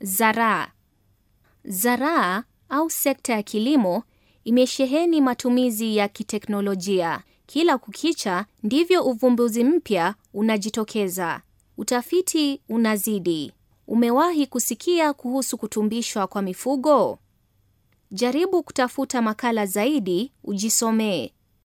Zaraa. Zaraa au sekta ya kilimo imesheheni matumizi ya kiteknolojia. Kila kukicha ndivyo uvumbuzi mpya unajitokeza. Utafiti unazidi. Umewahi kusikia kuhusu kutumbishwa kwa mifugo? Jaribu kutafuta makala zaidi, ujisomee.